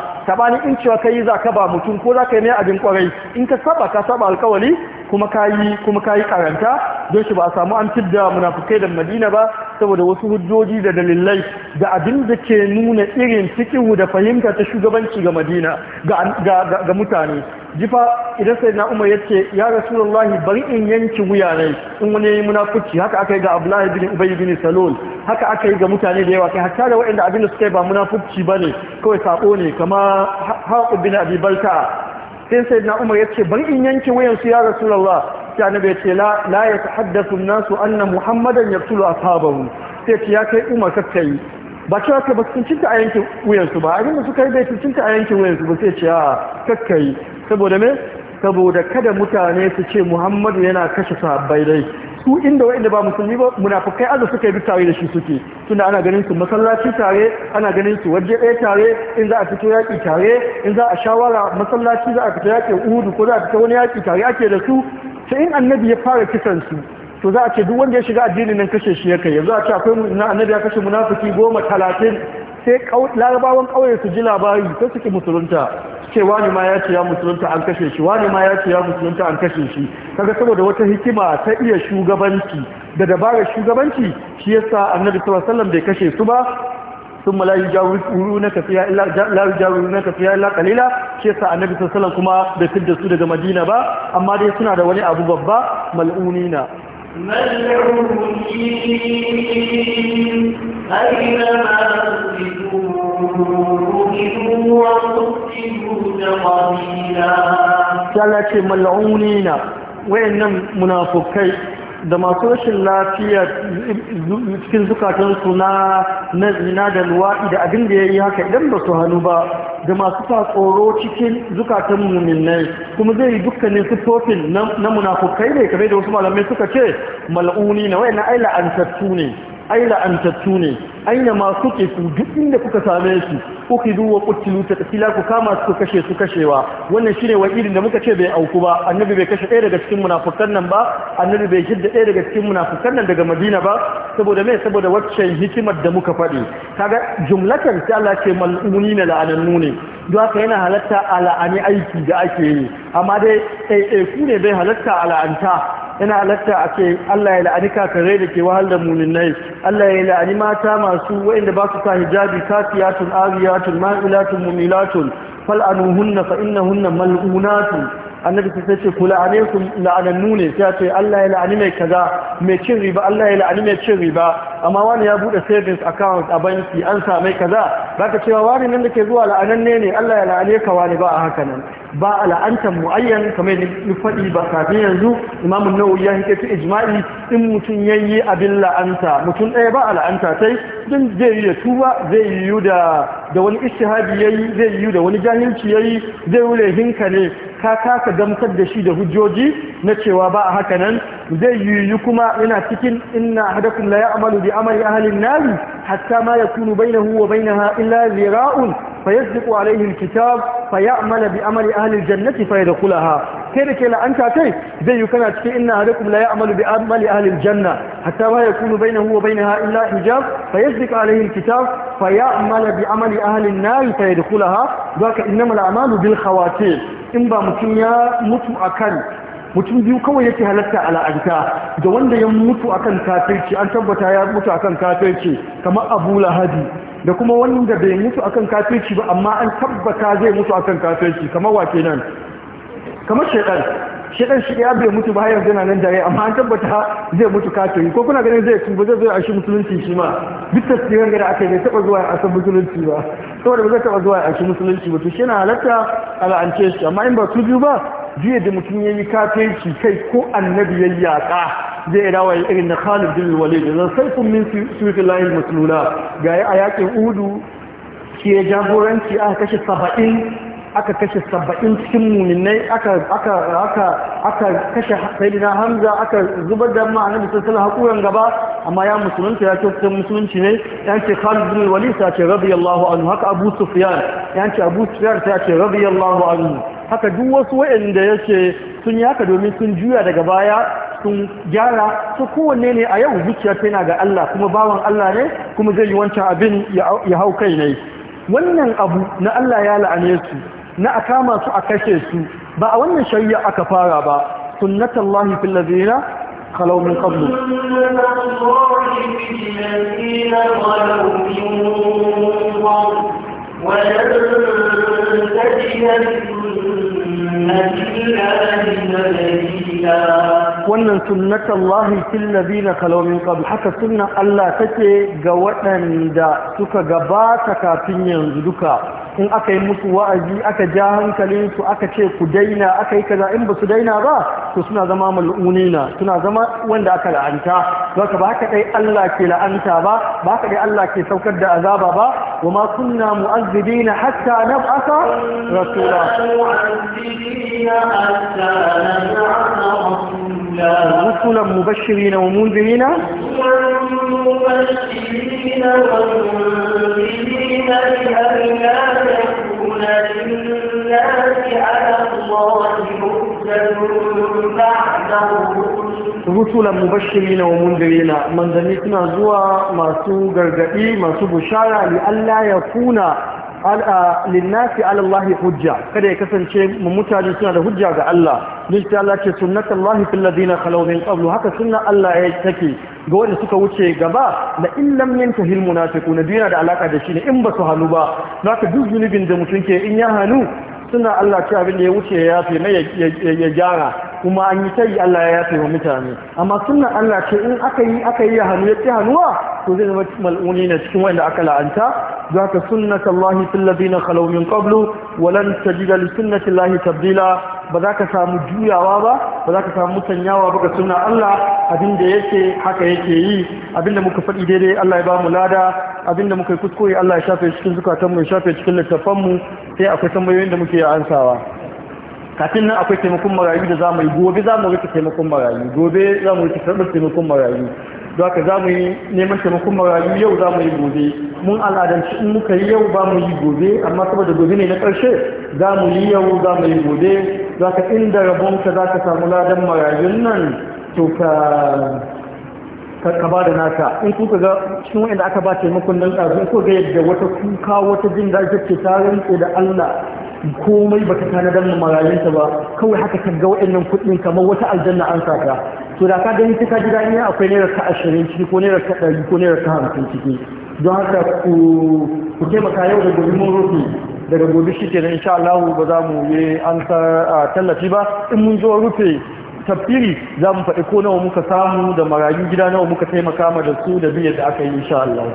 Speaker 1: ni in cewa ka yi za ka ba mutum ko za ka yi mai abin kwarai in ka saba ka saba alkawali kuma kayi kuma kayi karanta don shi ba a samu an da munafukai da madina ba saboda wasu hujjoji da dalilai da abin da ke nuna irin fikihu da fahimta ta shugabanci ga madina ga mutane jifa idan sai na umar yace ya rasulullahi bari in yanki wuyanai in wani yayi munafuci haka aka yi ga abdullahi bin ubay bin salul haka aka yi ga mutane da yawa kai hatta da waɗanda abin da suka yi ba munafuci bane kawai sako ne kamar haqu bin abi balta sai sai na umar ya ce bari in yanke su ya rasulallah sai na ya ce la ya ta haddasa nasu annan muhammadan ya a ashabahu sai ce ya kai umar kakkai ba ce wata ba sun cinta a yanke su ba abinda su kai bai cinta a yanke su ba sai ce a kakkai saboda me saboda kada mutane su ce muhammadu yana kashe sahabbai dai su inda wa'inda ba musulmi ba munafukai azu suka bi tare da shi suke tunda ana ganin su masallaci tare ana ganin su waje ɗaya tare in za a fito yaƙi tare in za a shawara masallaci za a fita yaƙin uhudu ko za a fita wani yaƙi tare ake da su sai in annabi ya fara kisan su to za a ce duk wanda ya shiga addinin nan kashe shi ya kai yanzu a ce akwai na annabi ya kashe munafiki goma talatin sai larabawan kauye su ji labari sai suke musulunta ce wani ma ya ce ya musulunta an kashe shi wani ma ya ce ya musulunta an kashe shi kaga saboda wata hikima ta iya shugabanci da dabarar shugabanci shi yasa annabi sallallahu alaihi wasallam bai kashe su ba sun لا يجاورونك فيها الا لا يجاورونك kalila, الا قليلا shi yasa annabi sallallahu alaihi wasallam kuma bai fidda su daga Madina ba amma dai suna da wani abu babba mal'unina
Speaker 2: ملعونين أينما قتلوا
Speaker 1: قتلوا قليلا وإنهم منافقين da masu rashin lafiya cikin zukatansu na nazina da luwaɗi da abin da ya yi haka idan ba su hannu ba da masu sa tsoro cikin zukatan muminai kuma zai yi dukkanin sufofin na munafukai ne kamar da wasu malamai suka ce mal'uni na na ai la'antattu ne ai la'antattu ne aina ma suke su duk inda kuka same su duwa wa ta tatsila ku kama su kashe su kashewa wannan shine irin da muka ce bai auku ba annabi bai kashe ɗaya daga cikin munafukan nan ba annabi bai shidda ɗaya daga cikin munafukan nan daga Madina ba saboda me saboda waccan hikimar da muka faɗi kaga jumlatan sai Allah ce la'anannu ne don haka yana halatta ala'ani aiki da ake yi amma dai ɗaiɗaiku ne bai halatta ala'anta yana halatta a ce Allah ya la'ani kakare da ke wahal da nai Allah ya la'ani mata masu wa'inda ba su sa hijabi kafiyatun ariyatun ma'ilatun mumilatun fal'anuhunna fa innahunna mal'unatun annabi sai ce ku la'ane ku la'anannu ne sai ce Allah ya la'ani mai kaza mai cin riba Allah ya la'ani mai cin riba amma wani ya bude savings account a banki an samai kaza baka cewa wani nan da ke zuwa la'ananne ne Allah ya la'ane ka wani ba a haka nan ba a la'antar mu'ayyan kamar ni faɗi ba kafin yanzu imamun nawawi ya hike ijma'i in mutum yayi abin la'anta mutum ɗaya ba a la'anta sai din zai yi da tuba zai yi da da wani ishtihadi yayi zai yi da wani jahilci yayi zai yi hinka ne ka kasa gamsar da shi da hujjoji na cewa ba a haka nan zai yi kuma yana cikin inna hadakum la ya'malu بعمل أهل النار حتى ما يكون بينه وبينها إلا ذراء فيصدق عليه الكتاب فيعمل بعمل أهل الجنة فيدخلها كده كلا أنت أتي زي كانت في إن أهلكم لا يعمل بعمل أهل الجنة حتى ما يكون بينه وبينها إلا حجاب فيصدق عليه الكتاب فيعمل بعمل أهل النار فيدخلها ذاك إنما الأعمال بالخواتيم in ba mutum ya mutu a kan mutum biyu kawai yake halatta al'adta da wanda ya mutu akan kafirci an tabbata ya mutu akan kafirci kamar abu lahadi da kuma wanda bai mutu akan kafirci ba amma an tabbata zai mutu akan kafirci kamar wa nan kamar shekar shekar shi ya bai mutu ba yanzu yana nan dare amma an tabbata zai mutu kafirci ko kuna ganin zai tuba zai zo a shi musulunci shi ma duk tasirin gari aka bai taba zuwa a san musulunci ba saboda ba zai taba zuwa a shi musulunci ba to shi na halatta ala'ance shi amma in ba su biyu ba jiya da mutum ya yi kafirci kai ko annabi ya yi yaƙa zai dawo ya irin na khalid bin walid da saifun min sufi layin maslula ga a yaƙin udu ke jagoranci aka kashe saba'in aka kashe saba'in cikin muminai aka kashe na hamza aka zubar da ma annabi sallallahu hakuran gaba amma ya musulunta ya kyautar musulunci ne ya ce khalid bin walid ta ce radiyallahu anhu haka abu sufyan ya ce abu sufyan ta ce radiyallahu anhu haka duk wasu wa'anda yake sun yi haka domin sun juya daga baya sun gyara su kowanne ne a yau zuciyar tana ga Allah kuma bawan Allah ne kuma zai yi wancan abin ya hau kai ne wannan abu na Allah ya la'ane su na a kama su a kashe su ba a wannan shari'a aka fara ba sunnatullahi fil ladina خلو من قبل ولن wannan sunnatallahi fil ladina khalaw min qabl haka sunnan Allah take ga waɗanda suka gabata kafin yanzu duka in aka yi musu wa'azi aka ja hankalin su aka ce ku daina aka yi kaza in ba su daina ba to suna zama mal'unina suna zama wanda aka la'anta zaka ba haka dai Allah ke la'anta ba ba haka dai Allah ke saukar da azaba ba wa ma kunna mu'azzibina hatta nab'atha rasula
Speaker 2: mu'azzibina hatta
Speaker 1: رسلا مبشرين ومنذرين
Speaker 2: رسلا
Speaker 1: مبشرين ومنذرين من ذلك نزوى ما سو غرغئي ما سو بشارة لألا يكون linnasi ala Allah hujja kada ya kasance mu mutane suna da hujja ga Allah din ta Allah ce sunnatullahi fil ladina khalaw min qablu haka sunna Allah ya take ga wanda suka wuce gaba la in lam yantahi al munafiquna dina da alaka da shi ne in ba su halu ba zaka duk zunubin da mutum ke in ya hanu suna Allah ce abin da ya wuce ya yafe mai ya gyara kuma an yi tayi Allah ya yafe wa mutane amma sunan Allah ce in aka yi aka yi hannu ya ci hannuwa to zai zama mal'uni ne cikin wanda aka la'anta za ka sunnata Allah fil ladina khalaw min qablu wa lan tajida li sunnati Allah tabdila ba za ka samu juyawa ba ba za ka samu mutanyawa ba ga sunnan Allah abin da yake haka yake yi abin da muka faɗi daidai Allah ya ba mu lada abin da muka yi kuskure Allah ya shafe cikin zukatanmu ya shafe cikin littafanmu sai akwai tambayoyin da muke ansawa kafin nan akwai taimakon marayu da za mu yi gobe za mu rike taimakon marayu gobe za mu rike karɓar taimakon marayu don haka za mu yi neman taimakon marayu yau za mu yi gobe mun al'adanci in muka yi yau ba mu yi gobe amma saboda gobe ne na ƙarshe za mu yi yau za mu yi gobe za ka inda ka za ka samu ladan marayun nan to ka ka ba da naka in kuka ga cikin wanda aka ba taimakon nan ɗazu ko ga yadda wata kuka wata jin da ake tarin da Allah komai baka tanadar da marayunta ba kawai haka ka ga waɗannan kuɗin kamar wata aljanna an saka to da ka gani kika ji daɗi akwai naira ka ashirin ciki ko naira ka ɗari ko naira ka 50 ciki don haka ku taimaka yau da gobe mun rufe daga gobe shi ke insha Allah ba za mu yi an tallafi ba in mun zo rufe tafsiri za mu faɗi ko nawa muka samu da marayu gida nawa muka taimaka ma da su da biyar da aka yi insha Allah.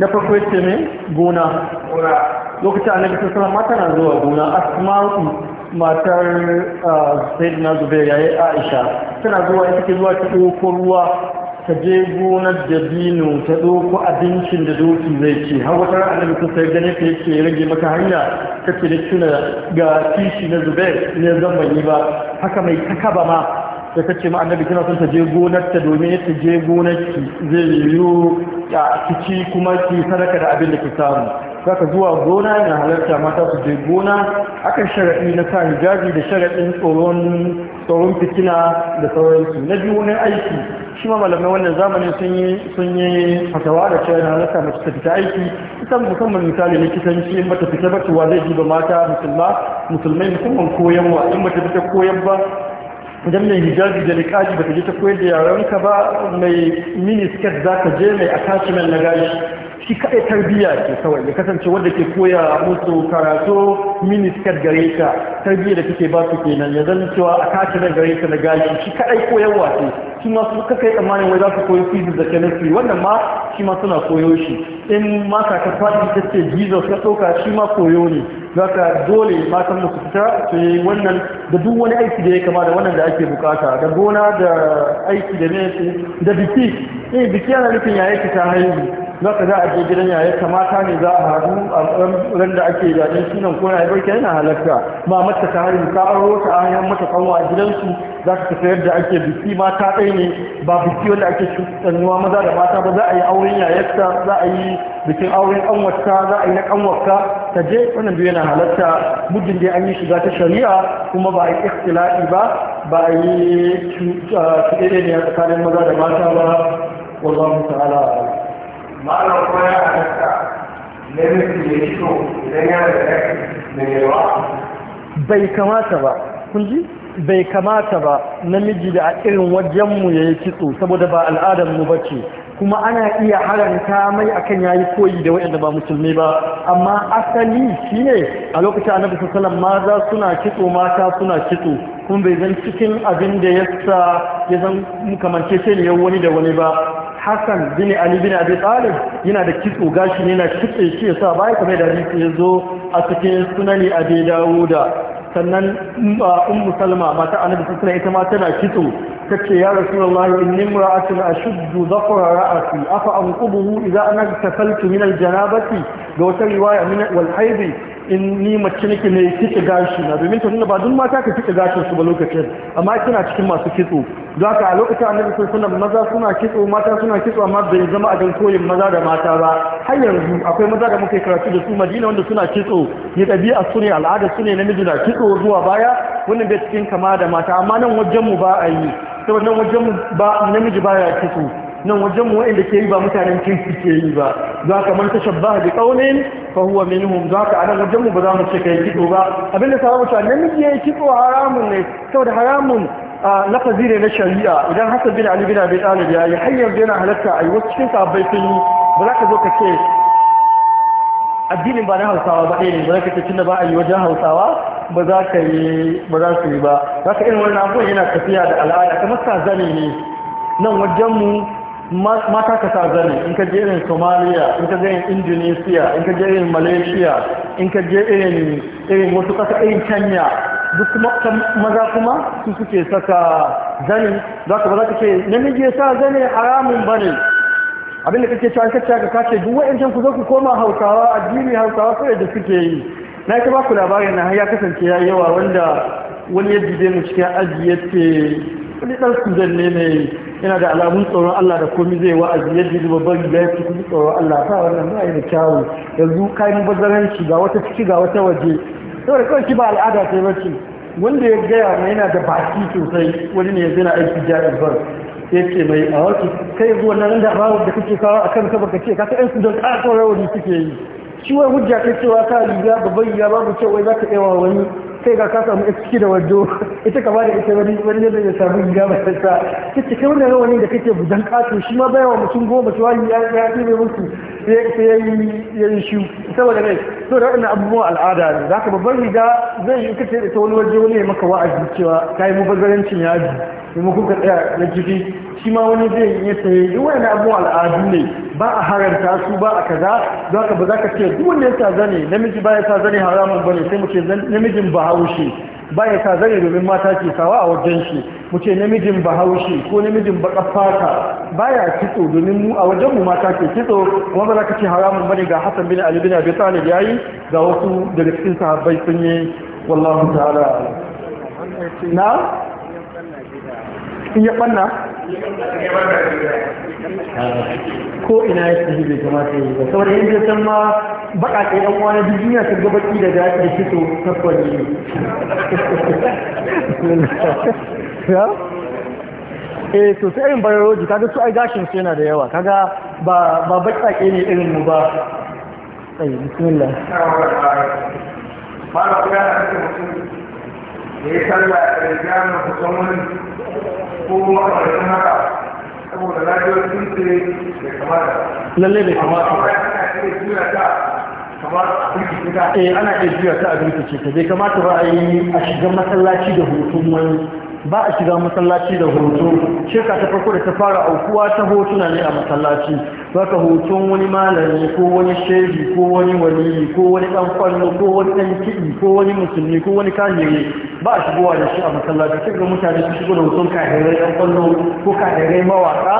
Speaker 1: na farko ya ce mai gona lokacin annabi sun sama mata na zuwa gona asma'u matar ah, sayyidina zubair yayi aisha tana zuwa ita take zuwa ta ɗoko ruwa ta je gonar da ta ɗauko abincin da doki zai ci har wata ran annabi sun sai gane ta yake rage maka hanya ta ce da tuna ga kishi na zubair ne zan yi ba haka mai takaba ma sai ka ce ma'anar annabi kina son ta je gonarta domin ta je gonarki zai yiwu a kici kuma ki sadaka da abin da ki samu za ka zuwa gona na halarta mata su je gona akan sharaɗi na sa hijabi da sharaɗin tsoron fitina da sauransu na biyu wani aiki shi ma malamai wannan zamanin sun yi sun fatawa da cewa na halarta mace ta fita aiki ita musamman misali ne kitanci in bata fita ba tuwa zai zai ba mata musulma musulmai musamman koyan wa in bata fita koyar ba idan mai hijabi da likaji ta je ta koyar da yaranka ba mai miniskirt za ka je mai attachment na gashi shi kaɗai tarbiyya ce kawai ya kasance wanda ke koya musu karatu miniskar gare ka tarbiyya da take ba su kenan ya zan cewa a kace na gare ka na gashi shi kaɗai koyarwa ce shi ma suka kai tsammanin wai za su koyi fizik da chemistry wannan ma shi ma suna koyo shi in ma ka faɗi ta ce jesus ka ɗauka shi ma koyo ne zaka dole ma mu fita su wannan da duk wani aiki da ya kama da wannan da ake bukata da gona da aiki da ne da biki eh biki ana nufin ya ta haihu za ka za a je gidan yaya kamata ne za a haɗu a ran da ake zaɓen sunan ko na barka yana halarta ma mata ta hari ka aro ta hanyar mata kanwa a gidansu za ka tafi yadda ake biki mata ɗaya ne ba biki wanda ake nuwa maza da mata ba za a yi auren yayarta za a yi bikin auren ƙanwarta za a yi na ƙanwarka ta je wannan biyu yana halarta muddin dai an yi shiga ta shari'a kuma ba a yi ikhtilafi ba ba a yi uh, cuɗe ne a tsakanin maza da mata ba
Speaker 3: والله تعالى أعلم malam ya halatta fito idan yana da yawa
Speaker 1: bai kamata ba kun ji bai kamata ba namiji da a irin wajenmu ya yi kitso saboda ba al'adarmu ba ce kuma ana iya haranta mai akan yayi koyi da waɗanda ba musulmi ba amma asali shine a lokacin annabi sallallahu maza suna kitso mata suna kitso kuma bai zan cikin abin da yasa ya zan kamance ce ne wani da wani ba hassan bin ali bin abi talib yana da kitso gashi ne na kitse shi yasa baya kamar da hadisi ya zo a cikin sunani abi dawuda sannan um, uh, ummu salma mata annabi sallallahu ita ma tana kitso tace ya rasulullahi inni imra'atun ashuddu dhafra ra'ati afa anqubuhu idza ana tafaltu min aljanabati da wata riwaya min wal haidi inni mace nake ne kike gashi na domin ta nuna ba duk mata ka kike gashin su ba lokacin amma kina cikin masu kitso don haka a lokacin annabi sallallahu maza suna kitso mata suna kitso amma bai zama a dan koyin maza da mata ba har yanzu akwai maza da muka karatu da su Madina wanda suna kitso ne ɗabi'a su ne al'ada su ne namiji na kitso zuwa baya wannan bai cikin kama da mata amma nan wajen mu ba a yi saboda nan wajen ba namiji baya kitso nan wajen mu wa'anda ke yi ba mutanen kirki ke yi ba za ka man ta shabba da kaunin fa huwa minhum za ka anan wajen mu ba za mu ce kai kitso ba abinda sa rubuta namiji yayi kitso haramun ne saboda haramun lafazi ne na shari'a idan Hassan bin Ali bin Abi Talib yayi hanyar da yana halatta ayi wasu cikin sahabbai sun yi ba za ka zo ka ce addinin ba na Hausawa ba ne ba za ka ce tunda ba a yi wajen Hausawa ba za ka yi ba za su yi ba za ka irin wannan abuwa yana tafiya da al'ada kamar sa zane ne nan wajenmu mata ka sa zane in ka je irin somaliya in ka je irin indonesia in ka je irin malaysia in ka je irin irin wasu kasa irin kenya duk maza kuma su suke saka zane za ka ba za ka ce namiji ya sa zane haramun ba ne abinda kake cewa kacce ka kace duk can ku zo ku koma hausawa addini hausawa kawai da suke yi na ta ba ku labarin na ya kasance ya yawa wanda wani ya dide mu cikin aji ya ce wani ɗan sudan ne mai yana da alamun tsoron Allah da komi zai wa'azi ya dide babban riga ya cikin tsoron Allah ta wannan ba yi da kyawu yanzu kayan bazaranci ga wata ciki ga wata waje saboda kawai ki ba al'ada sai ba ce. wanda ya gaya mai yana da baki sosai wani ne ya zina aiki jami'ar bar ya ce mai a wakil kai zuwa nan da rawar da kake kawo a kan ka ce ka ta yan sudan ƙasar rawar suke yi shi hujja ta cewa ka riga babban riga babu cewa wai za ka tsayawa wani sai ga ka samu ciki da wando ita ka bada ita wani wani yadda ya samu riga ba ta sa ta kai wannan rawani da kake bujan kato shi ma wa mutum goma cewa ya ya ne mutu. sai ya yi shi saboda mai so da wani abubuwan al'ada ne za ka babban riga zai yi kace da ta wani waje wani ya maka wa'azi cewa ka yi mubazzarancin yaji maimakon ka tsaya na jiki shi ma wani zai iya saye duk waɗannan abubuwan al'adu ne ba a haranta su ba a kaza za ka ba za ka ce duk wanda ya sa zane namiji ba ya sa zane haramun ba ne sai mu ce namijin bahaushe ba ya ta zane domin mata ke sawa a wajen shi mu ce namijin bahaushe ko namijin baka fata ba ya kitso domin mu a wajen mu mata ke kitso kuma ba za ka ce haramun bane ga hassan bin ali bin abi talib yayi ga wasu daga cikin sahabbai sun yi wallahu ta'ala na
Speaker 3: in ya banna ko ina ya
Speaker 1: tafi bai ta yi ba saboda yanzu san ma baka kai dan wani duk duniya su ga baki da gashi da fito, tabbas ne ya eh to sai irin bararoji kaga su ai gashin su yana da yawa kaga ba ba bakake ne irin mu ba sai bismillah
Speaker 3: ba ba ga mutum da ya sallah da ya gano kusan wani ko kuma kamar haka saboda radiyon sun ce bai kamata lalle bai kamata ba eh ana iya
Speaker 1: juya ta a birkice ta bai kamata ba a yi a shiga masallaci da hoton wani ba a shiga masallaci da hoto shirka ta farko da ta fara aukuwa ta hotuna ne a masallaci ba ka hoton wani malami ko wani shehi ko wani waliyi ko wani dan kwallo ko wani dan kiɗi ko wani musulmi ko wani kanyere ba a shigowa da shi a masallaci sai mutane su shigo da wasu kahirai yan kwallo ko kahirai mawaka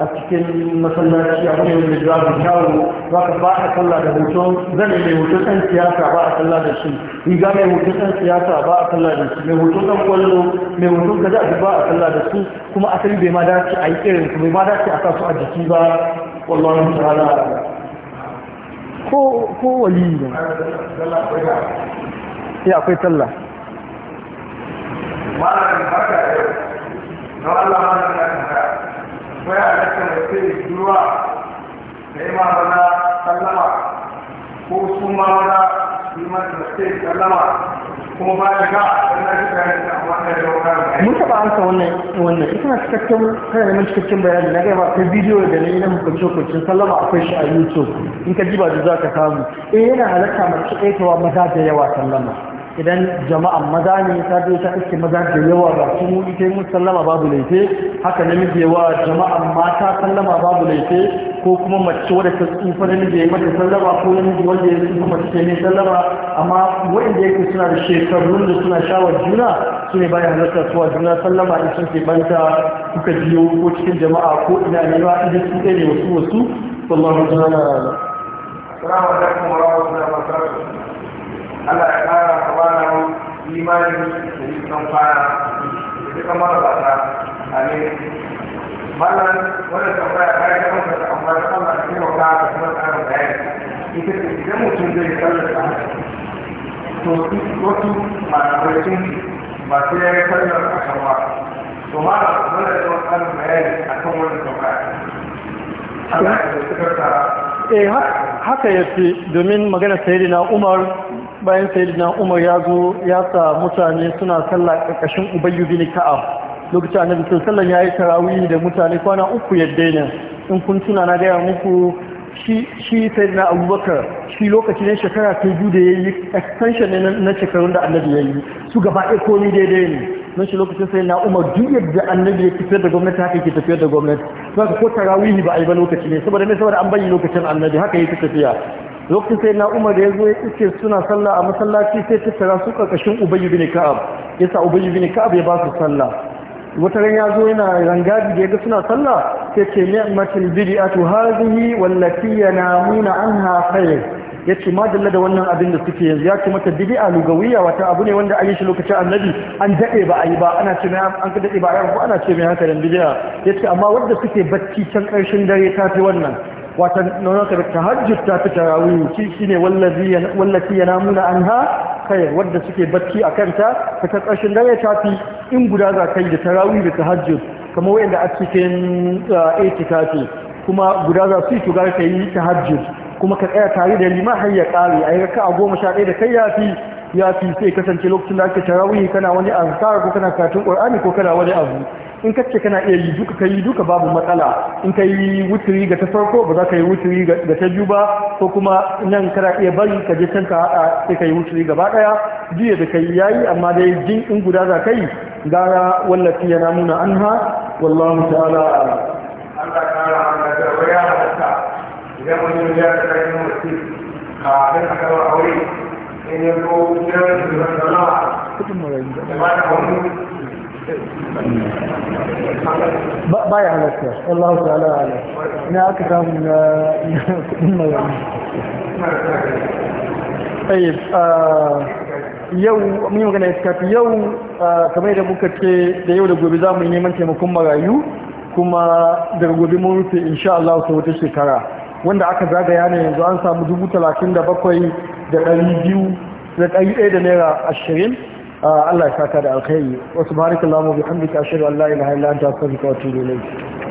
Speaker 1: a cikin masallaci a wani wani za su kyawu za ka ba a kalla da hoton zane mai hoton ɗan siyasa ba a kalla da shi riga mai hoton ɗan siyasa ba a kalla da shi mai hoton ɗan kwallo mai hoton ka zaɓi ba a kalla da su kuma asali bai ma dace a yi irin su bai ma dace a sa su a jiki ba wallahi ta'ala ko ko wali ne ya akwai talla
Speaker 3: mara malamin haka yau na Allah malamin haka sai a cikin mutum duwa da ima bana sallama ko su ma bana su ma da mutum sallama kuma ba shiga wannan shi kan wannan da wannan mun
Speaker 1: taɓa amsa wannan wannan ita na cikakken kana neman cikakken bayani na gaba ta bidiyo da na yi na hukunce hukuncin sallama akwai shi a YouTube in ka ji ba za ka samu eh yana halatta mace ɗaya maza da yawa sallama idan jama'an maza ne ta biyo ta iske maza da yawa ba su mu ita mun sallama babu laife haka namiji yawa jama'an mata sallama babu laife ko kuma mace wadda ta tsufa namiji ya mata sallama ko namiji wanda ya tsufa mace ta ne sallama amma wanda yake suna da shekarun da suna shawar juna su ne bayan halarta suwa juna sallama in sun banta kuka biyo ko cikin jama'a ko ina ne ba idan su ne wasu
Speaker 3: wasu wallahu ta'ala. Assalamu alaikum warahmatullahi wabarakatuh. Allah ya kara kamana imani da yi kan fara da duka mara bata amin malam wannan tambaya ta yi kan fata amma ta Allah ta taimaka ta kuma tsara bayani ita ce idan mutum zai tsallaka to wasu malamai sun ba sai ya yi sallar a kan ba to malam wannan da wani tsarin bayani a kan wannan tambaya Allah ya suka tsara eh
Speaker 1: haka ya fi domin magana sayyidina Umar bayan sayyidina umar ya zo ya sa mutane suna sallah karkashin ubayyu bin ka'ab lokacin annabi sallallahu alaihi yayi tarawih da mutane kwana uku ya daina in kun tuna na gaya muku shi shi sayyidina abubakar shi lokacin ne shekara ta biyu da yayi extension ne na shekarun da annabi yayi su gaba ɗaya ni daidai ne nan shi lokacin sai na umar duk yadda annabi ya tafiyar da gwamnati haka ke tafiyar da gwamnati ka ko tarawihi ba a yi ba lokaci ne saboda ne saboda an bayi lokacin annabi haka yi ta tafiya lokacin sai na umar ya zo ya ce suna sallah a masallaci sai ta tara su karkashin ubayi bin ka'ab yasa ubayi bin ka'ab ya ba su sallah wata ran ya zo yana rangadi da ga suna sallah sai ce ni'matul ya hadhihi wallati yanamuna anha khair yace ma dalla da wannan abin da suke yanzu ya ce mata bid'a lugawiya wata abu ne wanda an shi lokacin annabi an dade ba yi ba ana ce mai an dade ba ba ana ce mai haka dan bid'a yace amma wanda suke bacci can karshen dare ta fi wannan wata naunaka da tahajjud ta fi tarawih shi shine wallafi ya namuna an ha kai wadda suke bacci a kanta ta karkashin dare ta fi in guda za ka da tarawih da tahajjud Kamar wanda a cikin eh, itikafi kuma guda za su yi tugar ka yi tahajjud kuma ka tsaya tare da liman har ya kare a yi raka a goma sha ɗaya da kai ya fi ya fi sai kasance lokacin da ake tarawih kana wani azkar ko kana katin qur'ani ko kana wani abu in ka ce kana iya yi duka ka yi duka babu matsala in ka yi wuturi ga ta farko ba za ka yi wuturi ga ta biyu ba ko kuma nan kana iya bari ka je can ka haɗa sai ka yi wuturi gaba ɗaya jiya da ka yi yayi amma dai jin in guda za ka yi gara wallafi ya namuna ha wallahu ta'ala Allah
Speaker 3: kara ka da waya halatta idan wani ya ta kai ka kafin a kawo aure in ya zo gidan da zama da mata wani ba ya halatta Allah ta'ala ala ina aka samu na kudin mai
Speaker 1: ah, yau mun yi magana iskafi yau ah, kamar da muka ce da yau da gobe za mu yi neman taimakon marayu kuma daga gobe mun rufe insha Allah sau wata shekara wanda aka zagaya ne yanzu an samu dubu talatin da bakwai da ɗari biyu da ɗari ɗaya da naira ashirin Allah ya saka da alkhairi wasu subhanakallahumma bihamdika ashhadu an la ilaha illa anta astaghfiruka wa atubu ilayk